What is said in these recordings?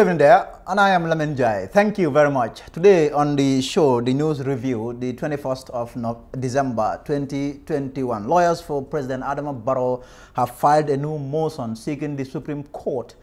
evening there, and I am Lamin Jai. Thank you very much. Today on the show, the news review, the 21st of no December 2021, lawyers for President Adam Barrow have filed a new motion seeking the Supreme Court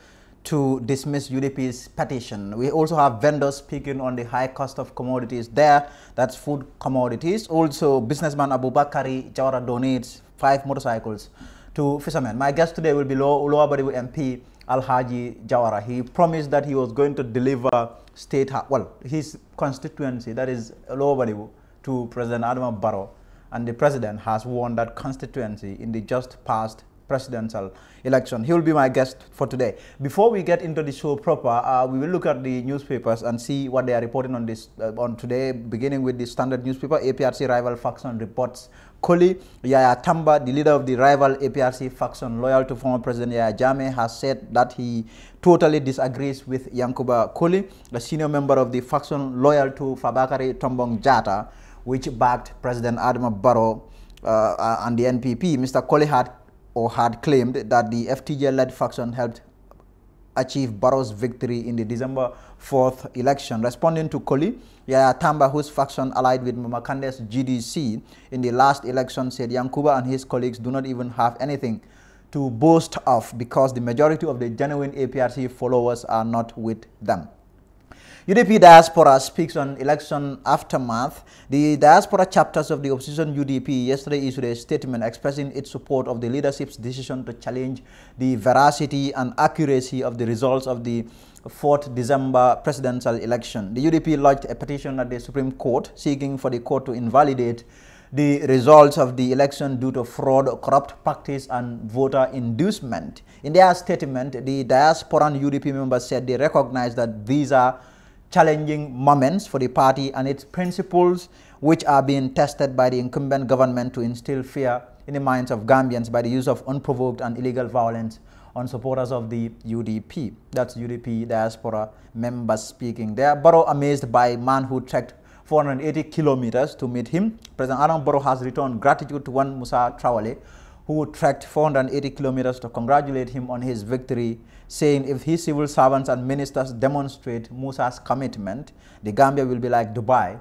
to dismiss UDP's petition. We also have vendors speaking on the high cost of commodities there, that's food commodities. Also, businessman Abubakari Jawara donates five motorcycles to fishermen. My guest today will be Law Abadiwu MP Al-Haji Jawara. He promised that he was going to deliver state, well, his constituency, that is Lobaribu, to President Adama Barrow. And the president has won that constituency in the just past presidential election. He will be my guest for today. Before we get into the show proper, uh, we will look at the newspapers and see what they are reporting on this uh, on today, beginning with the standard newspaper, APRC rival faction reports Koli. Yaya Tamba, the leader of the rival APRC faction loyal to former President Yaya Jame, has said that he totally disagrees with Yankuba Koli, the senior member of the faction loyal to Fabakari Tombong Jata, which backed President Adama Barrow uh, uh and the NPP. Mr. Koli had or had claimed that the FTJ-led faction helped achieve Barrow's victory in the December 4th election. Responding to Koli, Yaya Tamba, whose faction allied with Mamakande's GDC in the last election, said Yankuba and his colleagues do not even have anything to boast of because the majority of the genuine APRC followers are not with them. UDP diaspora speaks on election aftermath. The diaspora chapters of the opposition UDP yesterday issued a statement expressing its support of the leadership's decision to challenge the veracity and accuracy of the results of the 4th December presidential election. The UDP lodged a petition at the Supreme Court seeking for the court to invalidate the results of the election due to fraud, corrupt practice, and voter inducement. In their statement, the diasporan UDP members said they recognize that these are challenging moments for the party and its principles which are being tested by the incumbent government to instill fear in the minds of Gambians by the use of unprovoked and illegal violence on supporters of the UDP. That's UDP diaspora members speaking. They are both amazed by man who trekked 480 kilometers to meet him. President Adam Borough has returned gratitude to one Musa Trawale who trekked 480 kilometers to congratulate him on his victory, saying if his civil servants and ministers demonstrate Musa's commitment, the Gambia will be like Dubai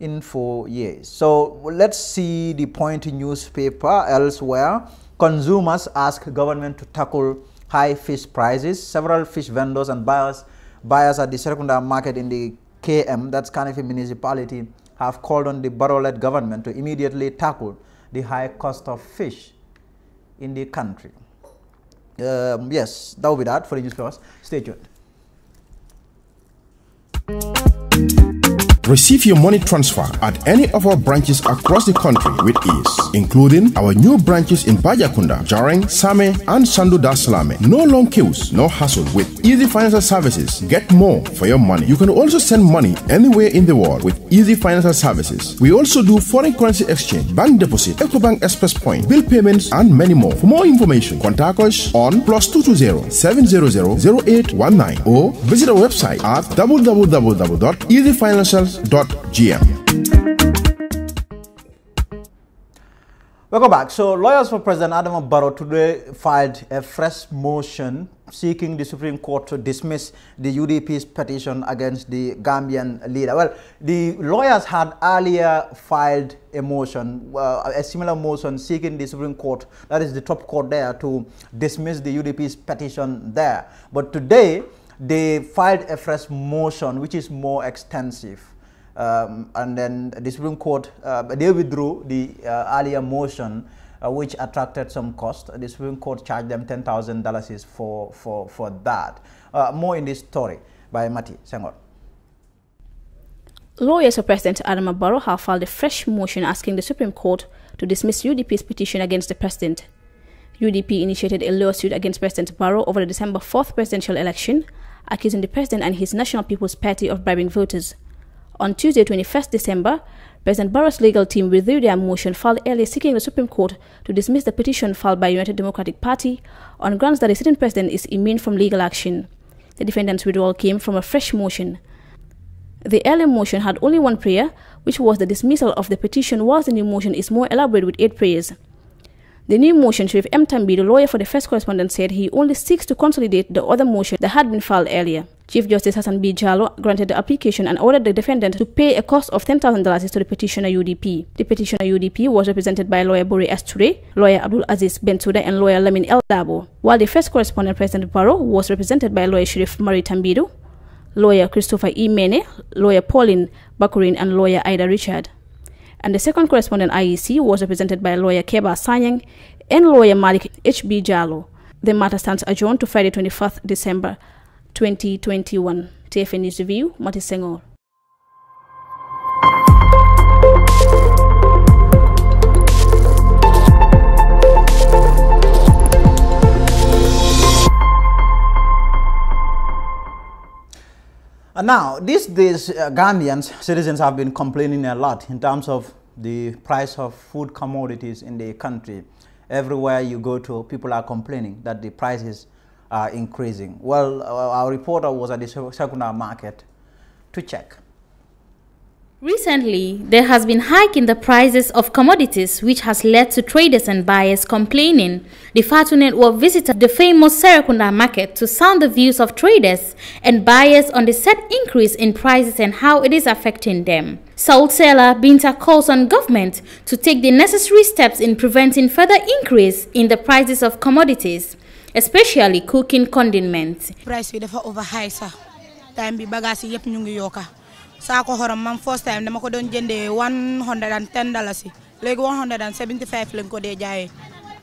in four years. So let's see the point newspaper elsewhere. Consumers ask government to tackle high fish prices. Several fish vendors and buyers, buyers at the secondary market in the KM, that's Kanifi municipality, have called on the borough-led government to immediately tackle the high cost of fish in the country. Um, yes, that will be that for the news Stay tuned. Receive your money transfer at any of our branches across the country with ease, including our new branches in Bajakunda, Jaring, Same, and Sandu Dar Salame. No long queues, no hassle with Easy Financial Services. Get more for your money. You can also send money anywhere in the world with Easy Financial Services. We also do foreign currency exchange, bank deposit, EcoBank Express Point, bill payments, and many more. For more information, contact us on plus 220 700 or visit our website at www.easyfinancial.com lawyers.gm. Welcome back. So, lawyers for President Adam Barrow today filed a fresh motion seeking the Supreme Court to dismiss the UDP's petition against the Gambian leader. Well, the lawyers had earlier filed a motion, uh, a similar motion seeking the Supreme Court, that is the top court there, to dismiss the UDP's petition there. But today, they filed a fresh motion which is more extensive. Um, and then the Supreme Court, uh, they withdrew the uh, earlier motion, uh, which attracted some cost. The Supreme Court charged them $10,000 for, for, for that. Uh, more in this story by Mati Senghor. Lawyers of President Adama Barrow have filed a fresh motion asking the Supreme Court to dismiss UDP's petition against the president. UDP initiated a lawsuit against President Barrow over the December 4th presidential election, accusing the president and his National People's Party of bribing voters. On Tuesday, 21st December, President Barra's legal team withdrew their motion filed earlier seeking the Supreme Court to dismiss the petition filed by United Democratic Party on grounds that the sitting president is immune from legal action. The defendant's withdrawal came from a fresh motion. The earlier motion had only one prayer, which was the dismissal of the petition, whilst the new motion is more elaborate with eight prayers. The new motion, Sheriff M. Tambi, the lawyer for the first correspondent, said he only seeks to consolidate the other motion that had been filed earlier. Chief Justice Hassan B. Jallo granted the application and ordered the defendant to pay a cost of $10,000 to the petitioner UDP. The petitioner UDP was represented by lawyer Buri Esture, lawyer Abdul Aziz Bentuda, and lawyer Lamin El Dabo, while the first correspondent, President Barrow, was represented by lawyer Sheriff Mari Tambidu, lawyer Christopher E. Mene, lawyer Pauline Bakurin, and lawyer Ida Richard. And the second correspondent, IEC, was represented by lawyer Keba Sanyang and lawyer Malik H.B. Jallo. The matter stands adjourned to Friday, 24th December 2021. TFN News Review, Mati Senghor. Now, these days, uh, Ghanaians, citizens have been complaining a lot in terms of the price of food commodities in the country. Everywhere you go to, people are complaining that the prices are increasing. Well, uh, our reporter was at the Sakuna market to check. Recently, there has been hike in the prices of commodities which has led to traders and buyers complaining. The Fatu Network visited the famous Serekunda market to sound the views of traders and buyers on the said increase in prices and how it is affecting them. Salt seller Binta calls on government to take the necessary steps in preventing further increase in the prices of commodities especially cooking condiments. price bi dafa over sax time bi bagage yi yëpp ñu ngi yokka saako xorom man first time dama ko doon jëndee one hundred and ten dollars si léegi one hundred and seventy five lañ ko dee jaayee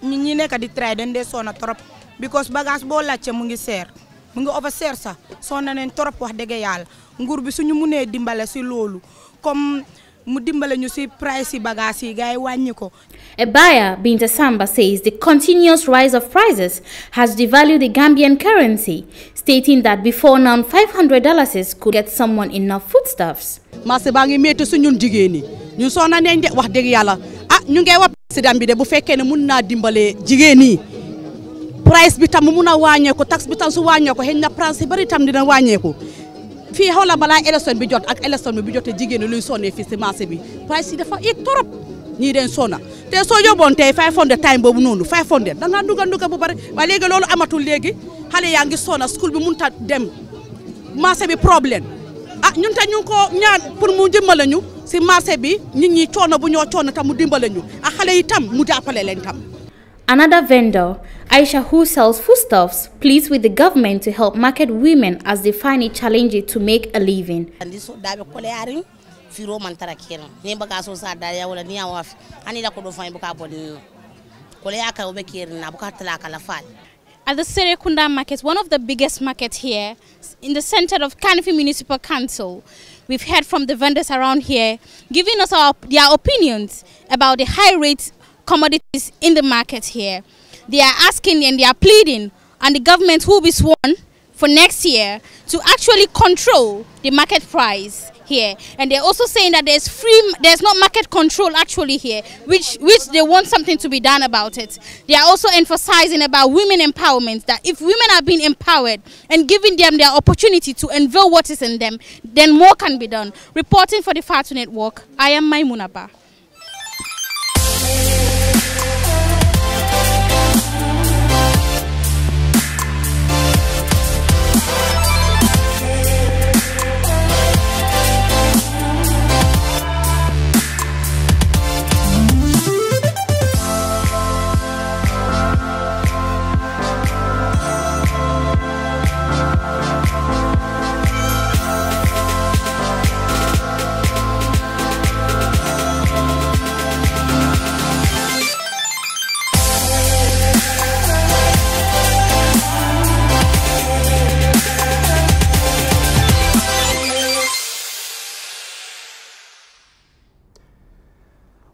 ñi ñi nekk di try dañ soona trop because bagage boo laajte mu ngi seer mu ngi over seer sax soona nañ trop wax dëgg yàlla nguur bi mu nee dimbale si loolu comme mu dimbale ñu si price yi bagage yi gars yi wàññi ko A buyer, Binta Samba, says the continuous rise of prices has devalued the Gambian currency, stating that before now $500 could get someone enough foodstuffs. marché baa ngi métti su ñun jigéen ñi ñun ah ñu président bi de bu fekkee ne mun price bi tam mun a wàññeeku taxe bi tam su wàññeeku xëy price yi bëri tam dina wàññeeku fii xoola balaa élection bi jot ak élection bi bu jotee jigéen ñi luy sonnee fii si price yi dafa torop den sona te 500 time 500 bu bari amatul xale ngi sona school bi dem marché bi ah ñun ñu ko ñaan pour mu marché bi nit ñi bu ñoo tam mu ah, xale yi tam mu jàppale tam. Another vendor, Aisha, who sells foodstuffs, pleads with the government to help market women as they find it challenging to make a living firo man tara baka so sa wala ni awa ani ko do fay baka ko le aka obe na baka tala kala fal at the Serekunda market, one of the biggest markets here in the center of Kanifi Municipal Council. We've heard from the vendors around here giving us our, their opinions about the high rate commodities in the market here. They are asking and they are pleading and the government will be sworn for next year to actually control the market price here and they're also saying that there's free there's not market control actually here which which they want something to be done about it they are also emphasizing about women empowerment that if women are being empowered and giving them their opportunity to unveil what is in them then more can be done reporting for the Fatu network i am maimunaba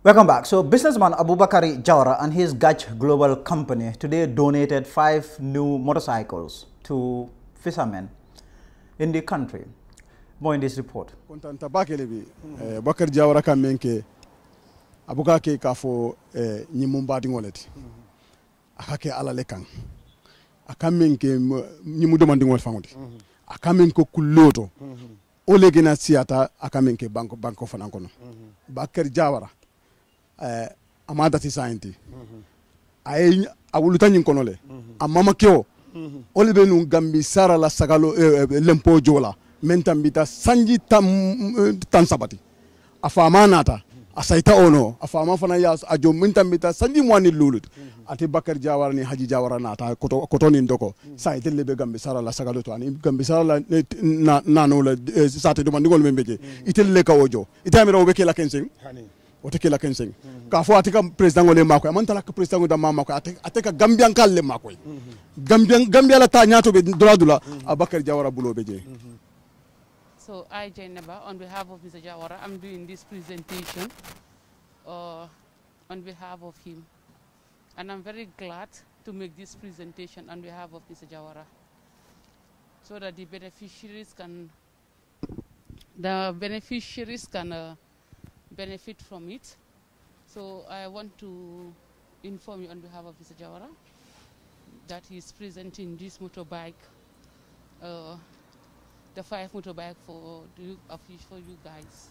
Welcome back. So businessman Abubakari Jawara and his Gach Global Company today donated five new motorcycles to fishermen in the country. More in this report. Kontanta bakele bi eh, Bakar Jawara kamenke abuka ke kafo eh, nyimumba dingoleti akake alale kan akamenke nyimudo mandingol fanguti akamenko kuloto mhm. olegena siata akamenke banko banko fanankono mhm. Bakar Jawara Eh, a ma dati san ye a ye a wuluta nin kɔnɔ dɛ a ma ma kɛ o o de bɛ nin sara la sagalo ɛɛ eh, eh, lɛnpo jo la mɛ tan bi taa sanji mm, mm, tan sabati a faama n'a ta a sayita o nɔ a faama fana y'a a jo min tan bɛ taa sanji mugan ni lolo a tɛ bakari jawara ni haji jawara n'a ta kɔtɔ kɔtɔ nin dɔgɔ san ite de bɛ ganbi sara la sagalo to ani ganbi sara la na la saate dɔ ma ni kɔni bɛ kɛ ite de ka o jɔ ite o bɛ kɛ la kɛnse ote kela ken seng ka fo ate ka president ngole mako man tala ka president ngole mama ko ate ate ka gambian kal le mako gambian gambia la ta nyato be dola dola mm-hmm. abakar jawara bulo be je mm-hmm. so i jenaba on behalf of mr jawara i'm doing this presentation uh, on behalf of him and i'm very glad to make this presentation on behalf of mr jawara so that the beneficiaries can the beneficiaries can uh, benefit from it. So I want to inform you on behalf of Mr. Jawara that he is presenting this motorbike, uh, the five motorbike for, the, for you guys.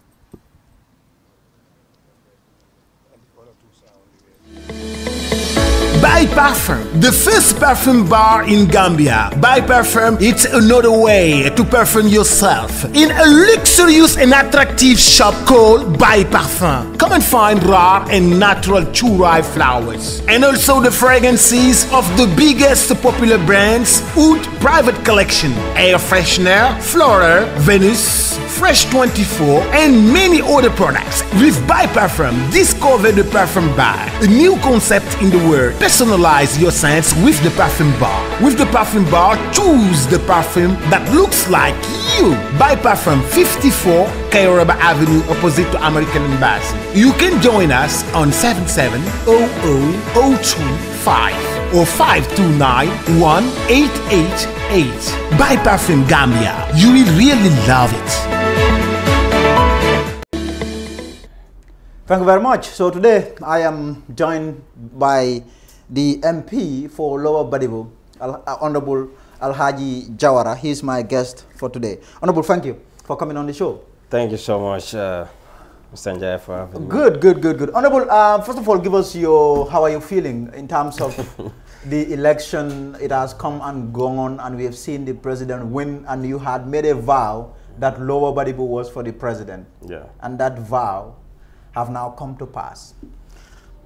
buy Parfum, the first perfume bar in Gambia. Buy Parfum, it's another way to perfume yourself in a luxurious and attractive shop called Buy Parfum. Come and find rare and natural churai flowers and also the fragrances of the biggest popular brands Oud Private Collection, Air Freshener, Flora, Venus, Fresh24, and many other products. With Buy Parfum, discover the Parfum Bar, a new concept in the world. Personalize your scents with the Parfum Bar. With the Parfum Bar, choose the perfume that looks like you. Buy Parfum 54, Kayoraba Avenue, opposite to American Embassy. You can join us on 7700025 or 529-1888. Buy Parfum Gambia. You will really love it. Thank you very much. So today I am joined by the MP for Lower Badibu, Al uh, Honorable Alhaji Jawara. He is my guest for today. Honorable, thank you for coming on the show. Thank you so much, uh, Mr. Njaya, for having good, me. Good, good, good. Honorable, uh, first of all, give us your, how are you feeling in terms of the election? It has come and gone, and we have seen the president win, and you had made a vow that Lower Badibu was for the president. Yeah. And that vow have now come to pass.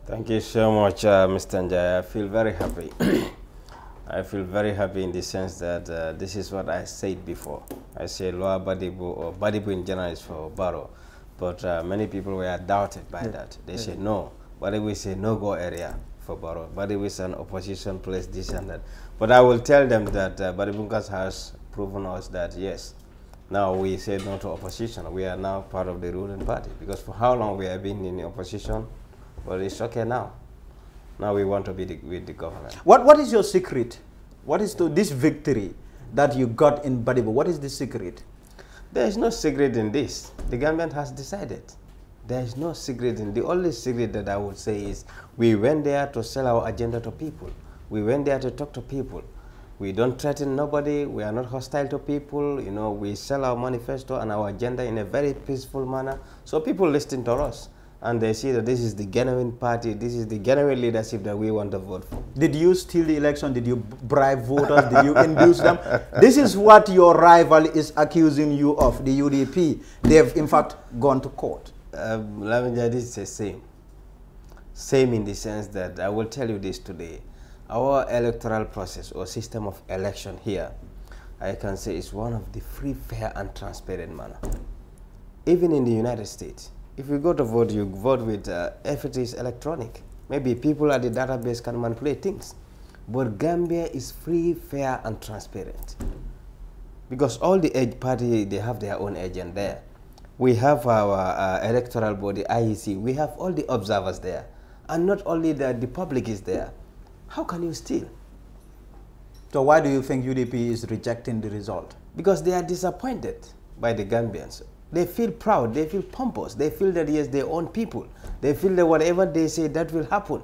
Thank you so much, uh, Mr. Njaya. I feel very happy. I feel very happy in the sense that uh, this is what I said before. I said Lower Badibu or Badibu in general is for Baro, but uh, many people were doubted by yeah. that. They yeah. "No, no. Badibu is a no-go area for Baro. Badibu is an opposition place, this and that. But I will tell them that uh, Badibunkas has proven us that yes, now we said no to opposition. We are now part of the ruling party because for how long we have been in opposition, but it's okay now. Now we want to be the, with the government. What What is your secret? What is to this victory that you got in Badibo? What is the secret? There is no secret in this. The government has decided. There is no secret in the only secret that I would say is we went there to sell our agenda to people. We went there to talk to people. We don't threaten nobody. We are not hostile to people. You know, we sell our manifesto and our agenda in a very peaceful manner. So people listen to us and they see that this is the genuine party, this is the genuine leadership that we want to vote for. Did you steal the election? Did you bribe voters? Did you induce them? This is what your rival is accusing you of, the UDP. They've, in fact, gone to court. Um, Lavender, this is the same. Same in the sense that I will tell you this today. Our electoral process or system of election here, I can say is one of the free, fair and transparent manner. Even in the United States, if you go to vote, you vote with, uh, if it is electronic. Maybe people at the database can manipulate things. But Gambia is free, fair and transparent. Because all the age party, they have their own agent there. We have our uh, electoral body, IEC. We have all the observers there. And not only that, the public is there how can you steal? So why do you think UDP is rejecting the result? Because they are disappointed by the Gambians. They feel proud, they feel pompous, they feel that yes, they own people. They feel that whatever they say, that will happen.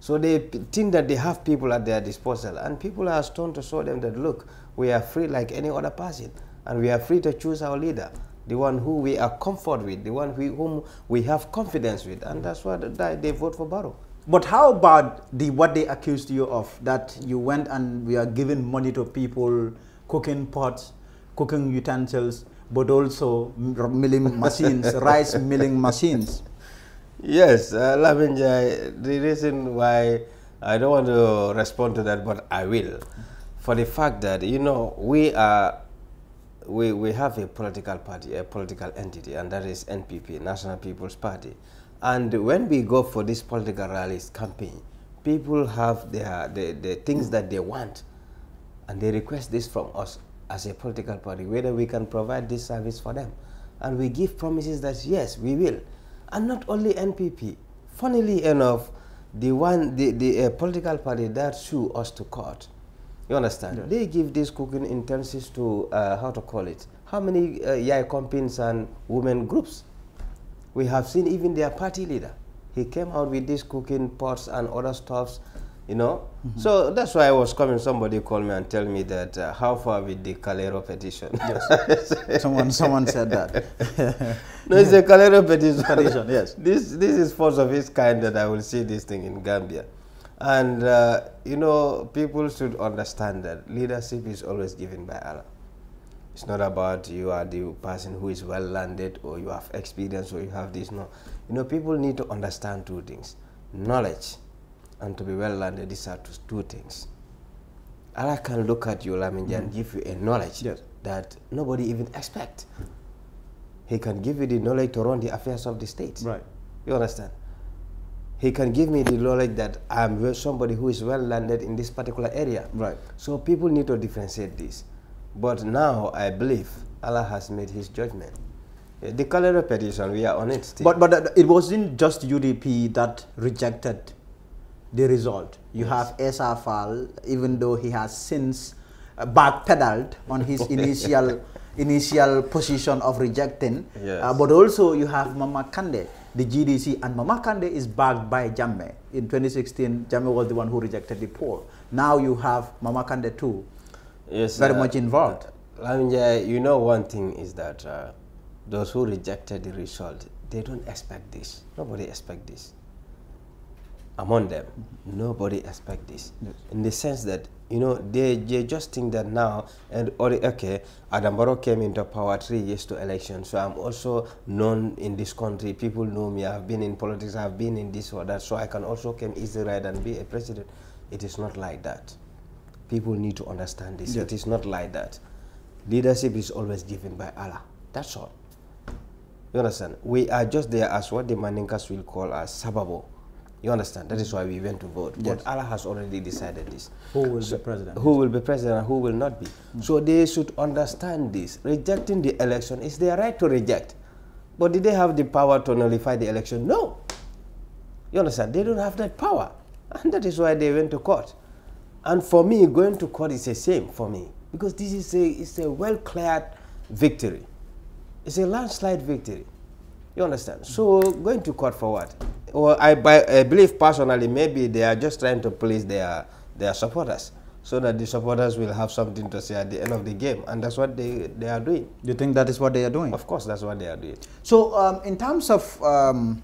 So they think that they have people at their disposal. And people are stoned to show them that, look, we are free like any other person. And we are free to choose our leader, the one who we are comfort with, the one whom we have confidence with. And that's why they vote for Barrow. But how about the what they accused you of, that you went and we are giving money to people, cooking pots, cooking utensils, but also milling machines, rice milling machines? Yes, uh, Lavinja, the reason why I don't want to respond to that, but I will, for the fact that, you know, we are we, we have a political party, a political entity, and that is NPP, National People's Party. And when we go for this political rallies campaign, people have their, the, the things that they want and they request this from us as a political party, whether we can provide this service for them. And we give promises that yes, we will. And not only NPP. Funnily enough, the one, the, the uh, political party that sue us to court, you understand? Yes. They give these cooking intensives to, uh, how to call it, how many uh, Yai and women groups? We have seen even their party leader. He came out with these cooking pots and other stuffs, you know. Mm -hmm. So that's why I was coming. Somebody called me and tell me that uh, how far with the Calero petition? Yes. someone, someone said that. no, it's a Calero petition. petition. Yes. This, this is first of its kind that I will see this thing in Gambia. And, uh, you know, people should understand that leadership is always given by Allah. It's not about you are the person who is well landed or you have experience or you have this. No. You know, people need to understand two things knowledge and to be well landed. These are two things. Allah can look at you, Laminja, mm. and give you a knowledge yes. that nobody even expect. He can give you the knowledge to run the affairs of the state. Right. You understand? He can give me the knowledge that I'm somebody who is well landed in this particular area. Right. So people need to differentiate this. But now I believe Allah has made his judgment. The calendar petition, we are on it still. But, but it wasn't just UDP that rejected the result. You yes. have Esafal, even though he has since uh, backpedaled on his initial initial position of rejecting. Yes. Uh, but also you have Mama Kande, the GDC, and Mama Kande is backed by Jamme. In 2016, Jamme was the one who rejected the poll. Now you have Mama Kande too yes, very uh, much involved. you know one thing is that uh, those who rejected the result, they don't expect this. Nobody expect this. Among them, nobody expect this. Yes. In the sense that, you know, they, they just think that now, and okay, Adambaro came into power three years to election, so I'm also known in this country. People know me. I've been in politics. I've been in this or that, so I can also come easy ride and be a president. It is not like that people need to understand this. It is not like that. Leadership is always given by Allah. That's all. You understand? We are just there as what the Maninkas will call as sababo. You understand? That is why we went to vote. Yes. But Allah has already decided this. Who will so, be president? Who will be president and who will not be. Mm. So they should understand this. Rejecting the election is their right to reject. But did they have the power to nullify the election? No. You understand? They don't have that power. And that is why they went to court. And for me, going to court is a shame for me because this is a, it's a well-cleared victory. It's a landslide victory. You understand? So going to court for what? Well, I, by, I believe personally maybe they are just trying to please their, their supporters so that the supporters will have something to say at the end of the game. And that's what they, they are doing. Do you think that is what they are doing? Of course, that's what they are doing. So um, in terms of, um,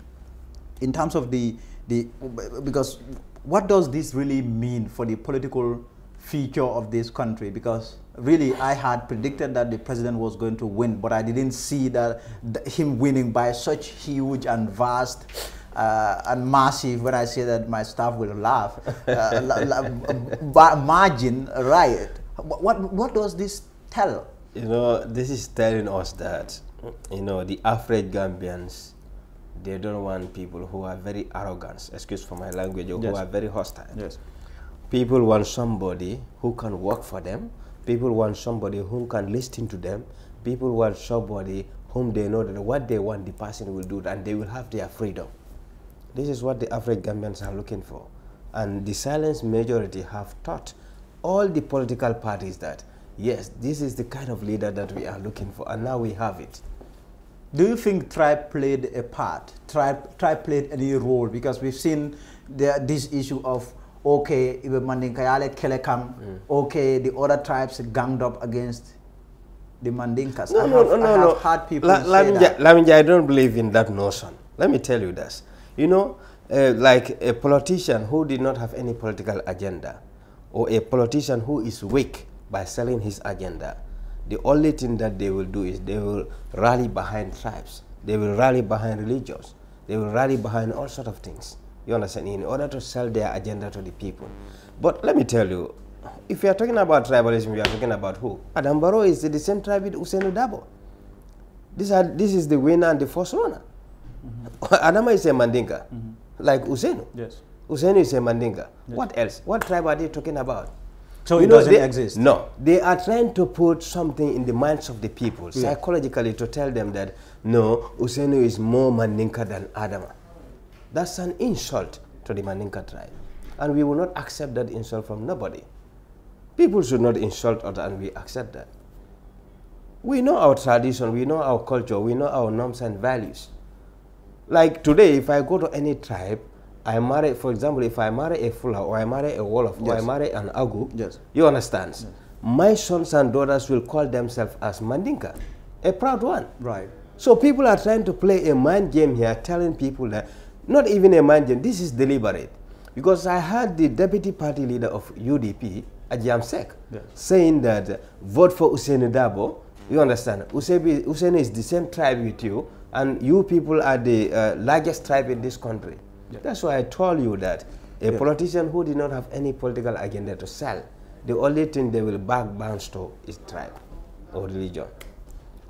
in terms of the, the, because what does this really mean for the political future of this country? Because really, I had predicted that the president was going to win, but I didn't see that him winning by such huge and vast uh, and massive when I say that my staff will laugh. Uh, um, margin, right? What what does this tell? You know, this is telling us that you know the average Gambians they don't want people who are very arrogant, excuse for my language, yes. who are very hostile. Yes. People want somebody who can work for them. People want somebody who can listen to them. People want somebody whom they know that what they want the person will do and they will have their freedom. This is what the African Gambians are looking for. And the silent majority have taught all the political parties that, yes, this is the kind of leader that we are looking for and now we have it. Do you think tribe played a part? Tribe, tribe played any role? Because we've seen the, this issue of, okay, Mandinkayale Kelekam, mm. okay, the other tribes ganged up against the Mandinkas. No, I no, have, no, no, have no. heard people La, say Laminja, that. Laminja, I don't believe in that notion. Let me tell you this. You know, uh, like a politician who did not have any political agenda, or a politician who is weak by selling his agenda, the only thing that they will do is they will rally behind tribes. They will rally behind religions. They will rally behind all sort of things. You understand? In order to sell their agenda to the people. But let me tell you, if we are talking about tribalism, we are talking about who? Adam Barrow is the same tribe with Usain Dabo. This, are, this is the winner and the first runner. Mm -hmm. Adama is a Mandinka, mm -hmm. like Usenu. Yes. Usain is a Mandinka. Yes. What else? What tribe are they talking about? So you it know, doesn't they, exist? No. They are trying to put something in the minds of the people, yeah. psychologically, to tell them that, no, Usenu is more Maninka than Adama. That's an insult to the Maninka tribe. And we will not accept that insult from nobody. People should not insult us, and we accept that. We know our tradition, we know our culture, we know our norms and values. Like today, if I go to any tribe, I marry, for example, if I marry a Fuller or I marry a Wolof yes. or I marry an Agu, yes. you understand? Yes. My sons and daughters will call themselves as Mandinka, a proud one. Right. So people are trying to play a mind game here, telling people that, not even a mind game, this is deliberate. Because I heard the deputy party leader of UDP, Ajamsek, Sek, yes. saying that uh, vote for Usain Dabo. You understand? Usain is the same tribe with you, and you people are the uh, largest tribe in this country. Yeah. That's why I told you that a yeah. politician who did not have any political agenda to sell, the only thing they will back bounce to is tribe or religion.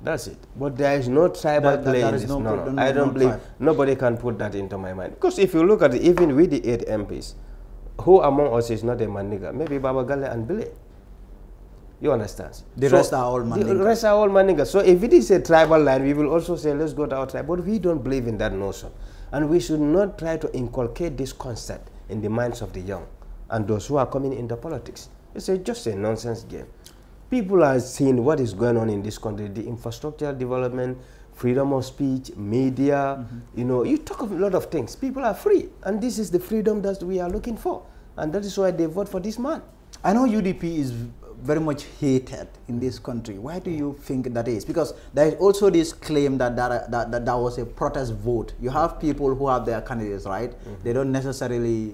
That's it. But there is no tribal that, play that, that no, no, no, I don't believe nobody can put that into my mind. Because if you look at it, even with the eight MPs, who among us is not a maniga? Maybe Baba Gale and Billy. You understand? The so rest are all Mandinga. The rest are all Mandinga. So if it is a tribal line, we will also say, let's go to our tribe. But we don't believe in that notion. And we should not try to inculcate this concept in the minds of the young and those who are coming into politics. It's a, just a nonsense game. People are seeing what is going on in this country, the infrastructure development, freedom of speech, media, mm -hmm. you know, you talk of a lot of things. People are free, and this is the freedom that we are looking for. And that is why they vote for this man. I know UDP is very much hated in this country. Why do you think that is? Because there is also this claim that that, that, that, that was a protest vote. You have people who have their candidates, right? Mm -hmm. They don't necessarily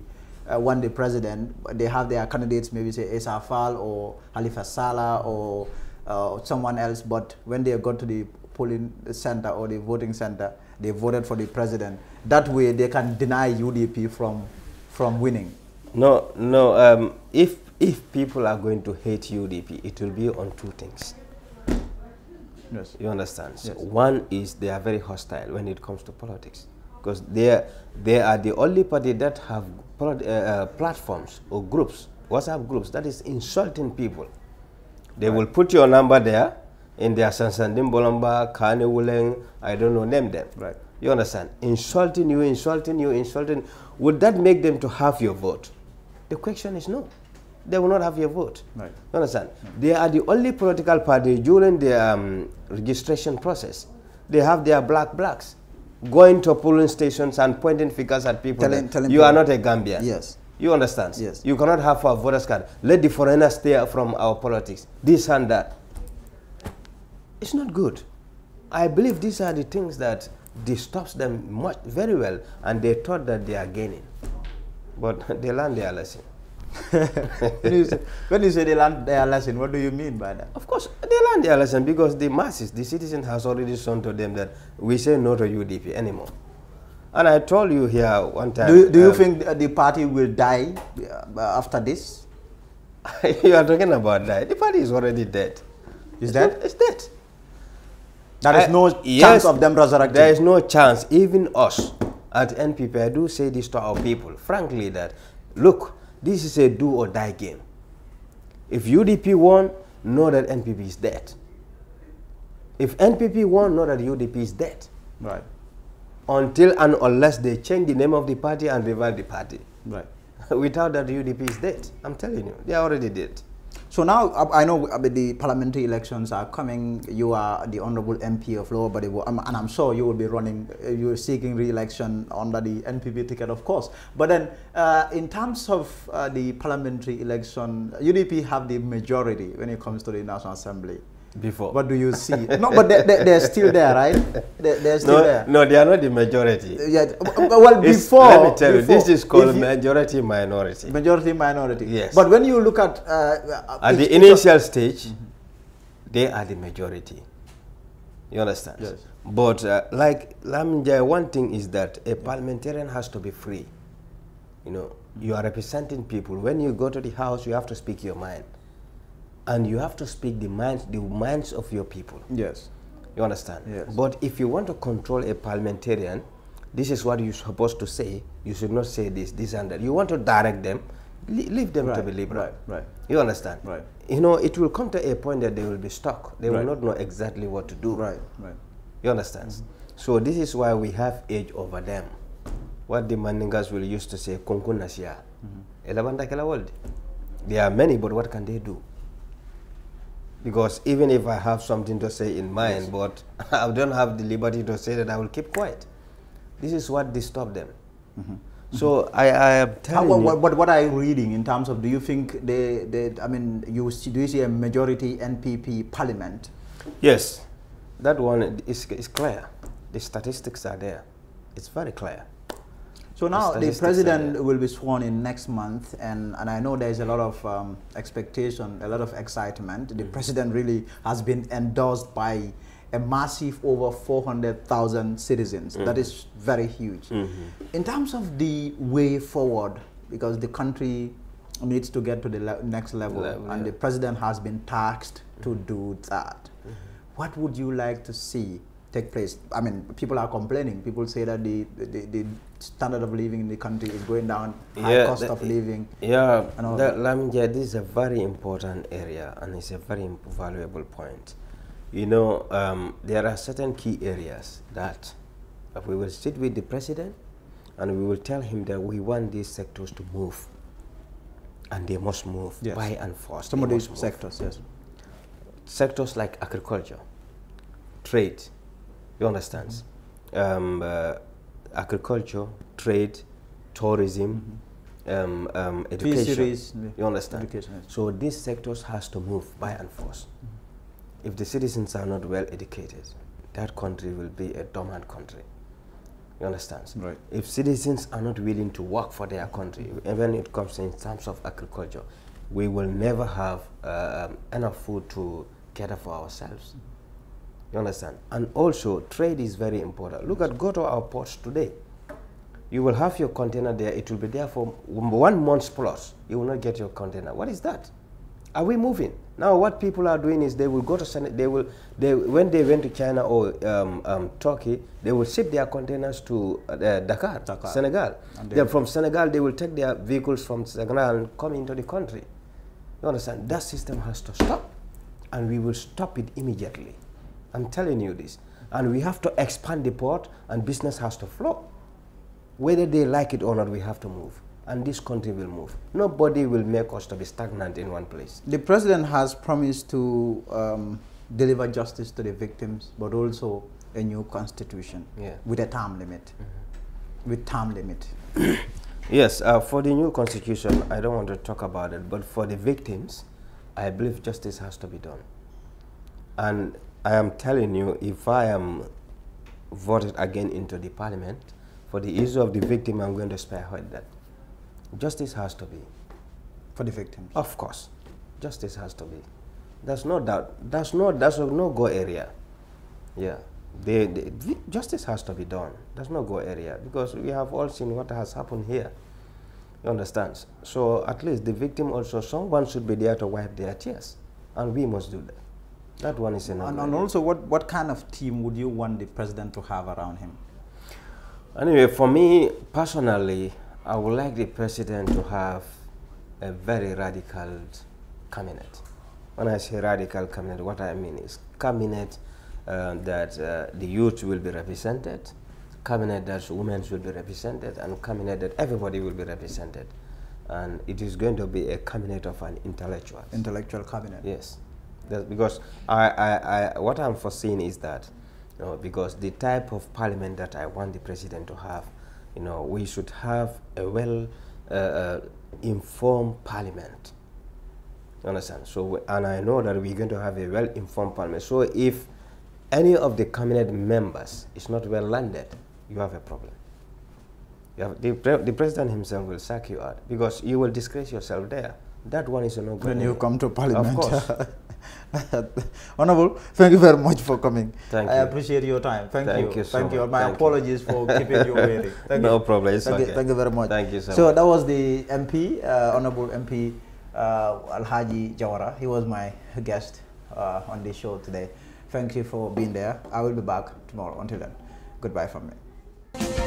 uh, want the president. They have their candidates, maybe say Esa or Halifa Salah or uh, someone else. But when they go to the polling center or the voting center, they voted for the president. That way, they can deny UDP from from winning. No, no. Um, if if people are going to hate UDP, it will be on two things. Yes. You understand? Yes. one is they are very hostile when it comes to politics because they are, they are the only party that have uh, uh, platforms or groups, WhatsApp groups, that is insulting people. They right. will put your number there in their Sansandim Bolamba, Kane Wuleng, I don't know, name them. Right. You understand? Insulting you, insulting you, insulting. Would that make them to have your vote? The question is no they will not have your vote. Right. You understand? They are the only political party during the um, registration process. They have their black blacks going to polling stations and pointing fingers at people. Telling, telling you are not a Gambian. Yes. You understand? Yes. You cannot have a voter's card. Let the foreigners stay from our politics. This and that. It's not good. I believe these are the things that disturbs them much very well, and they thought that they are gaining, but they learned their lesson when, you say, when you say they learn their lesson, what do you mean by that? Of course, they learn their lesson because the masses, the citizen has already shown to them that we say no to UDP anymore. And I told you here one time. Do, do um, you think the party will die uh, after this? you are talking about that. The party is already dead. Is that? dead? it's dead. There I, is no chance of them resurrecting. There is no chance. Even us at NPP, I do say this to our people, frankly, that look, this is a do or die game. If UDP won, know that NPP is dead. If NPP won, know that UDP is dead. Right. Until and unless they change the name of the party and revive the party. Right. Without that, UDP is dead. I'm telling you, they already did. So now I, know the parliamentary elections are coming. You are the honourable MP of Lower Body, and I'm sure you will be running. Uh, you are seeking re-election under the NPP ticket, of course. But then, uh, in terms of uh, the parliamentary election, UDP have the majority when it comes to the National Assembly before. What do you see? no, but they, they, they're still there, right? They, they're still no, there. No, they are not the majority. Yeah. Well, it's, before. Let me tell before, you, this is called majority minority. Majority minority. Yes. But when you look at. Uh, uh at the initial stage, mm -hmm. they are the majority. You understand? Yes. But uh, like Lamjai, one thing is that a parliamentarian has to be free. You know, you are representing people. When you go to the house, you have to speak your mind and you have to speak the minds, the minds of your people. Yes. You understand? Yes. But if you want to control a parliamentarian, this is what you're supposed to say. You should not say this, this and that. You want to direct them, leave them right, to be liberal. Right, right. You understand? Right. You know, it will come to a point that they will be stuck. They right. will not know exactly what to do. Right, right. You understand? Mm -hmm. So this is why we have age over them. What the Maningas will used to say, Konkunasia. Mm -hmm. There are many, but what can they do? Because even if I have something to say in mind, yes. but I don't have the liberty to say that, I will keep quiet. This is what disturbs them. Mm -hmm. So I, I am telling How, what, what, what, are you reading in terms of, do you think they, they I mean, you, do you see a majority NPP parliament? Yes, that one is, is clear. The statistics are there. It's very clear. So now the, president will be sworn in next month, and, and I know there's a lot of um, expectation, a lot of excitement. The mm. president really has been endorsed by a massive over 400,000 citizens. Mm. That is very huge. Mm -hmm. In terms of the way forward, because the country needs to get to the le next level, level and yeah. the president has been tasked to do that. -hmm. What would you like to see take place. I mean, people are complaining. People say that the, the, the standard of living in the country is going down, high yeah, cost of living. Yeah, that, that. I mean, yeah, this is a very important area and it's a very valuable point. You know, um, there are certain key areas that uh, we will sit with the president and we will tell him that we want these sectors to move and they must move yes. by and force. Some of these sectors, yes. Sectors like agriculture, trade, you understand? Mm -hmm. um, uh, agriculture, trade, tourism, mm -hmm. um, um, education. Fisheries, you understand? Education, yes. So these sectors has to move by and force. Mm-hmm. If the citizens are not well educated, that country will be a dormant country. You understand? Right. If citizens are not willing to work for their country, even it comes in terms of agriculture, we will never have uh, um, enough food to cater for ourselves. Mm-hmm. You understand? And also, trade is very important. Look at go to our ports today. You will have your container there. It will be there for one month plus. You will not get your container. What is that? Are we moving? Now, what people are doing is they will go to Senegal. They will they when they went to China or um, um, Turkey, they will ship their containers to uh, uh Dakar, Dakar, Senegal. And then from Senegal, they will take their vehicles from Senegal and come into the country. You understand? That system has to stop, and we will stop it immediately. I'm telling you this. And we have to expand the port and business has to flow. Whether they like it or not, we have to move. And this country will move. Nobody will make us to be stagnant in one place. The president has promised to um, deliver justice to the victims, but also a new constitution yeah. with a term limit. Mm -hmm. With term limit. yes, uh, for the new constitution, I don't want to talk about it, but for the victims, I believe justice has to be done. And I am telling you, if I am voted again into the parliament, for the issue of the victim, I'm going to spare her that. Justice has to be. For the victims? Of course. Justice has to be. There's no doubt. That's no, that's no go area. Yeah. the justice has to be done. There's no go area because we have all seen what has happened here. You understand? So at least the victim also, someone should be there to wipe their tears. And we must do that. That one is another. And, and also, what, what kind of team would you want the president to have around him? Anyway, for me personally, I would like the president to have a very radical cabinet. When I say radical cabinet, what I mean is cabinet uh, that uh, the youth will be represented, cabinet that women will be represented, and cabinet that everybody will be represented. And it is going to be a cabinet of an intellectual. Intellectual cabinet. Yes. That's because I, I, I, what I'm foreseeing is that, you know, because the type of parliament that I want the president to have, you know, we should have a well uh, uh informed parliament. You understand? So, and I know that we're going to have a well informed parliament. So, if any of the cabinet members is not well landed, you have a problem. You have the, pre the president himself will sack you out because you will disgrace yourself there. That one is a no-go. When you come to parliament. Of course. Honorable, thank you very much for coming. Thank I you. appreciate your time. Thank, thank you. you so thank you. My thank apologies you. for keeping you waiting. Thank no you. problem. It's thank, okay. you, thank you very much. Thank you so, so much. that was the MP, uh, Honorable MP uh, Alhaji Jawara. He was my guest uh, on this show today. Thank you for being there. I will be back tomorrow. Until then, goodbye from me.